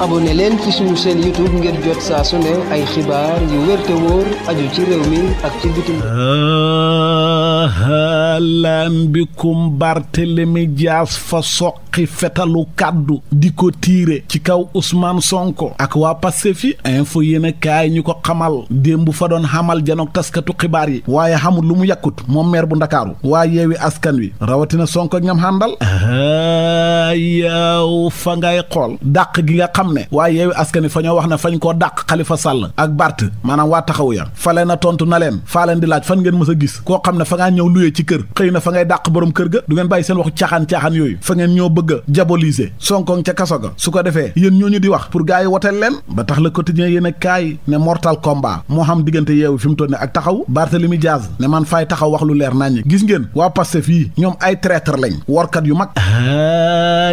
abonné leen ci suñu chaîne YouTube ngir jot saa su ne ay xibaar yu wér wóor aju ci réew mi ak ci bitim lan bikum Barthélemy Dias fa soqi fetalu kàddu di ko tiire ci kaw Ousmane Sonko ak waa Pastef yi info yéen a ñu ko xamal démb fa doon xamal janook taskatu xibaar yi waaye xamul lu mu yàkkut moom maire bu ndakaaru waa yeewi askan wi rawatina Sonko ñam xàndal yaw fa ngay xool xam ne waaye yeewi askan wi fa ñoo wax ne fañ koo dàq Khalifa Sall ak Bart maanaam waa taxawu ya fale na tontu na leen faa leen di laaj fan ngeen mës a gis koo xam ne fa ngaa ñëw luyee ci kër xëy na fa ngay dàq borom kër ga du ngeen bàyyi seen waxu caaxaan-caaxaan yooyu fa ngeen ñoo bëgg a jaboliser sonkong ca kaso ga su ko defee yéen ñooñu di wax pour gars yi woteel leen ba tax le quotidien yéen a ne mortal combat moo xam diggante yeewu fi mu toll ne ak taxaw Barthélemy Diaz ne man faay taxaw wax lu leer naññi gis ngeen waa Pastef yi ñoom ay traître lañ workat yu mag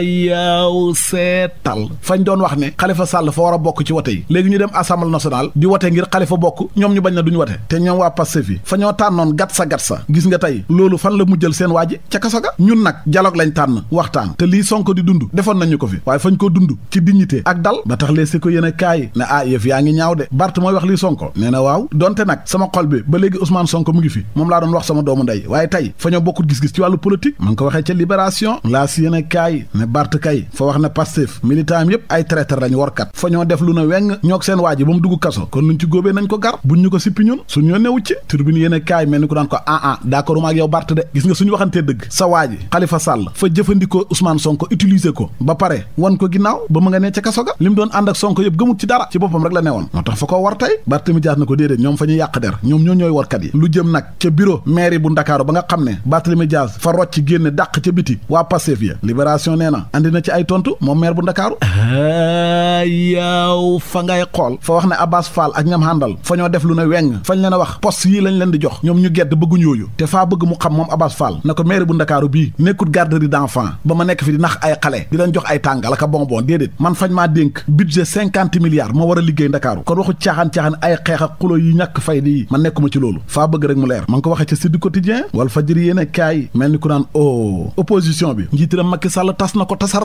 yow seetal fañ doon wax ne xalifa Sall fa war a bokk ci wote yi léegi ñu dem assemblée nationale di wote ngir xalifa bokk ñoom ñu bañ na duñ wote te ñoom waa Pastef yi fa tànnoon gat sa gat sa gis nga tey loolu fan la mujjël seen waaji ca kaso ga ñun nag dialogue lañ tànn waxtaan te lii Sonko di dund defoon nañu ko fi waaye fañ ko dund ci dignité ak dal ba tax lees si ko yéen kaay ne ah yëf yaa ngi ñaaw de Bart mooy wax lii Sonko nee na waaw donte nag sama xol bi ba traître lañ warkat fa ñoo def lu na weng ñoog seen waa ba mu dugg kaso kon luñ ci góobee nañ ko gar buñ ñu ko sippi ñun suñ ñoo newu ci turbine yéen kaay mel ni ko daan ko ah ah d'accord ma ak yow Bart de gis nga suñu waxantee dëgg sa waa ji Khalifa fa jëfandikoo Ousmane Sonko utiliser ko ba pare wan ko ginnaaw ba mu nga nee ca kaso ga li mu doon ànd ak Sonko yëpp gëmut ci dara ci boppam rek la newoon moo tax fa ko war tey Barthélémy na yaaw fa ngay xool fa wax ne Abbas Fall ak ñam àndal fa ñoo def lu ne weng fañ leen a wax poste yii lañ leen di jox ñoom ñu gedd bëgguñ yooyu te faa bëgg mu xam moom Abbas Fall na ko maire bu Ndakaaru bii nekkut garderie d'enfant ba ma nekk fi di nax ay xale di leen jox ay tàngal ak bonbon déedéet man fañ maa dénk budget cinquante milliards ma war a liggéey Ndakaaru kon waxu caaxaan-caaxaan ay xeex xulo yi ñàkk fay di man nekkuma ci loolu faa bëgg oh, bi njiitiram Macky Sall na ko tasar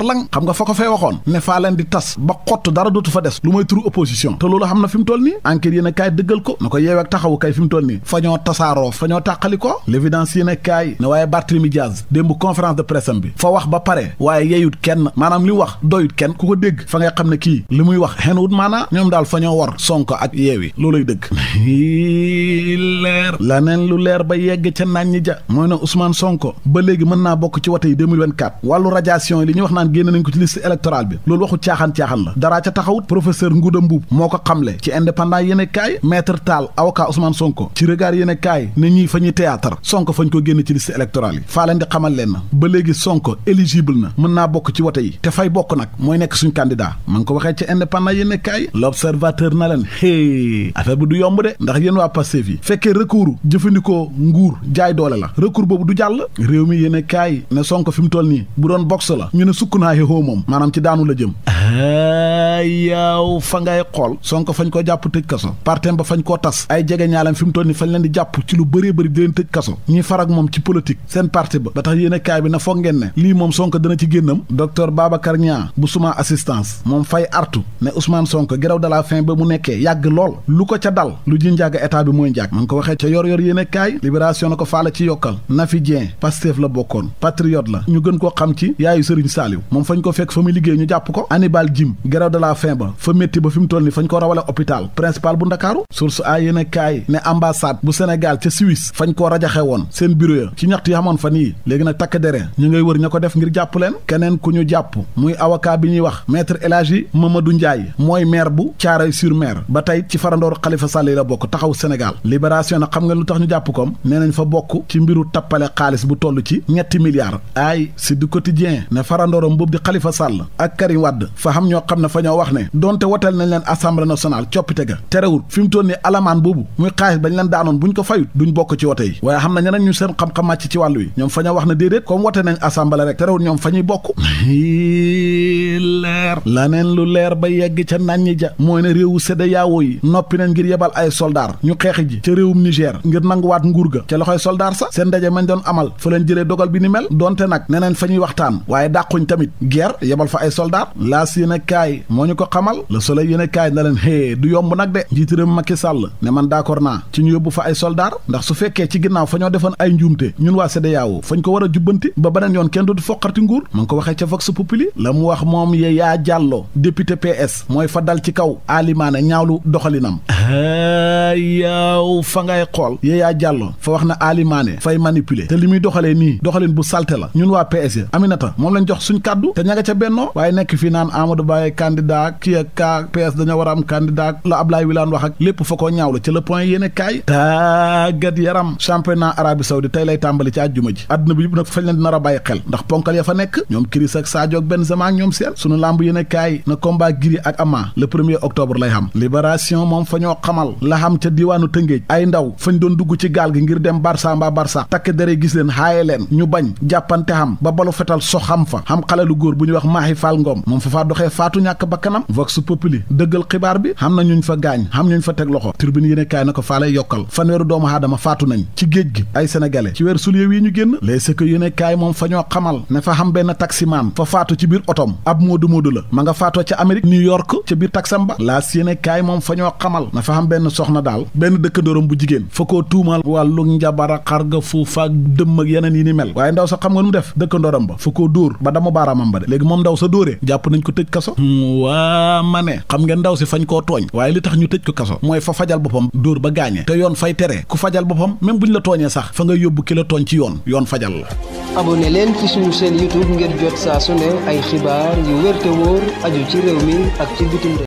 ba xott dara dootu fa des lu mooy turu opposition te loolu xam na fi mu toll nii enquête yéen a kaay dëggal ko na ko yeew ak taxawu kay fi mu nii fa tasaaroo fa tàqali ko l'évidence yéen a kaay ne waaye Barthélemy Diaz démb conférence de presse bi fa wax ba pare waaye yeeyut kenn maanaam li wax doyut kenn ku ko dégg fa nga xam ne kii li muy wax xenwut maanaa ñoom daal fa war Sonko ak yeewi looluy dëgg leer la neen lu leer ba yegg ca naan ñi ja mooy ne Ousmane ba léegi bokk ci wate yi 2024 wàllu wax naan génn nañ ko ci liste électorale la daraa ca taxawut professeur Ngouda Mboup moo ko xamle ci indépendant yéen kaay maître Tall avocat Ousmane Sonko ci regard yéen kaay ne ñii fa ñuy théâtre Sonko fañ ko génn ci liste électorale yi faa leen di xamal leen na ba léegi Sonko éligible na mën naa bokk ci wote yi te fay bokk nag mooy nekk suñ candidat ma ngi ko waxee ci indépendant yéen kaay l'observateur na leen hé affaire bi du yomb de ndax yéen waa Pastef yi fekkee recours jëfandikoo nguur jaay doole la recours boobu du jàll réew mi yéen kaay ne Sonko fi mu toll nii bu doon boxe la ñu ne sukk naa moom maanaam ci daanu la jëm ah. yow fa ngay xool Sonko fañ ko jàpp tëj kaso partem ba fañ koo tas ay jege ñaalam fi mu ni fañ leen di jàpp ci lu bëree bëri di tëj kaso ñuy far moom ci politique seen parti ba ba tax yéen a kaay bi na foog ngeen ne lii moom Sonko dana ci génnam docteur Babacar Niang bu suma assistance moom fay artu ne Ousmane Sonko grève de la ba mu nekkee yàgg lool lu ko ca dal lu ji njàgg état bi mooy njàgg man ko waxee ca yor yor yéen kaay libération na koo lim grève de la faim ba fa métti ba fi mu toll ni fañ ko rawale hôpital principal bu ndakaaru source a yéen a ne ambassade bu Sénégal ca Suisse fañ koo rajaxe woon seen bureau ya ci ñaxtu yi xamoon fa nii léegi nag takk dere ñu ngay wër ña ko def ngir jàpp leen keneen ku ñu jàpp muy avocat bi ñuy wax maître El Hadji Mamadou Ndiaye mooy maire bu Thiaroye sur Mer ba tey ci farandooru xalifa Sall yi la bokk taxaw Sénégal libération nag xam nga lu tax ñu jàpp koom nee nañ fa bokk ci mbiru tappale xaalis bu toll ci ñetti milliards ay si du quotidien ne farandooram boobu di ak Karim ñoo xam ne fa wax ne donte wotal nañ leen assemblée nationale coppite ga terewul fi mu toll ni alamaan boobu muy xaalis bañ leen daanoon buñ ko fayut duñ bokk ci wote yi waaye xam na ñeneen seen xam-xam màcc ci wàllu yi ñoom fa wax ne déedéet comme wote nañ assemblée rek terewul ñoom fa ñuy bokk leer laneen lu leer ba yegg ca nàññi ja mooy ne réewu CEDEAO yi noppi nañ ngir yebal ay soldaar ñu xeex ji ca réewum Niger ngir nanguwaat nguur ga ca loxoy soldaar sa seen ndaje mañ doon amal fa leen jëlee dogal bi ni mel donte nag neneen fa ñuy waxtaan waaye dàquñ tamit guerre kaay moo ñu ko xamal le soleil yéen kaay na leen xée du yomb nag de njiit réew Macky Sall ne man d'accord naa ci ñu yóbbu fa ay soldaar ndax su fekkee ci ginnaaw fa ñoo defoon ay njuumte ñun waa CEDEAO fañ ko war a jubbanti ba beneen yoon kenn du foqarti nguur ma ngi ko waxee ca Vox Populi la mu wax moom Yaya Diallo député PS mooy fa dal ci kaw Alimane ñaawlu doxalinam yaaw fa ngay xool Yaya Diallo fa wax na Ali fay manipuler te li muy doxalee nii doxalin bu salte la ñun waa PS Aminata moom lañ jox suñ kàddu te ña nga ca bennoo waaye nekk fii naan Amadou Baye candidat kii ak kaa PS dañoo war a am candidat la ab Ablaye Wilane wax ak lépp fa koo la ci le point yéene kaay yaram yaram championnat Arabie Saoudite tey lay tàmbali ci àjjuma ji àdduna bi yëpp na fañ leen di nar a bàyyi xel ndax ponkal ya fa nekk ñoom Chris ak Sadio ak Benzema ak ñoom seen sunu làmb yéene kaay na combat Gris ak le premier octobre lay xam libération moom xamal la xam ca diiwaanu tëngéej ay ndaw fañ doon dugg ci gaal gi ngir dem barsa mbaa barsa takk dere gis leen xaaye leen ñu bañ jàppante xam ba balu fetal so xam fa xam xale góor bu ñuy wax maaxi faal ngoom moom fa faa doxee faatu ñàkk bakkanam vox populi dëggal xibaar bi xam na ñuñ fa gaañ xam ñuñ fa teg loxo turbine yéene kaay na ko faa lay yokkal fanweeru doomu aadama faatu nañ ci géej gi ay sénégalais ci weer sulier wi ñu génn les secours yéene kaay moom fa ñoo xamal ne fa xam benn taximaan fa faatu ci biir otom ab moodu moodu la ma nga faatoo ca Amérique New York ca biir taxam ba laas yéene moom fa ñoo xamal dafa am benn soxna daal benn dëkkandóoram bu jigéen fa koo tuumaal wàllu njabara xarga fuufaak dëmm ak yeneen yi ni mel waaye ndaw sa xam nga nu mu def dëkkandóoram ba fa koo dóor ba dama baaraamam ba de léegi moom ndaw sa dóoree jàpp nañ ko tëj kaso hmm, waa ma ne xam nga ndaw si fañ koo tooñ waaye li tax ñu tëj ko kaso mooy fa fajal boppam dóor ba gaañee te yoon fay tere ku fajal boppam même bu ñu la tooñee sax fa nga yóbbu ki la tooñ ci yoon yoon fajal la abonné leen ci suñu chaîne YouTube ngir jot saa su ne ay xibaar yu wér te mi ak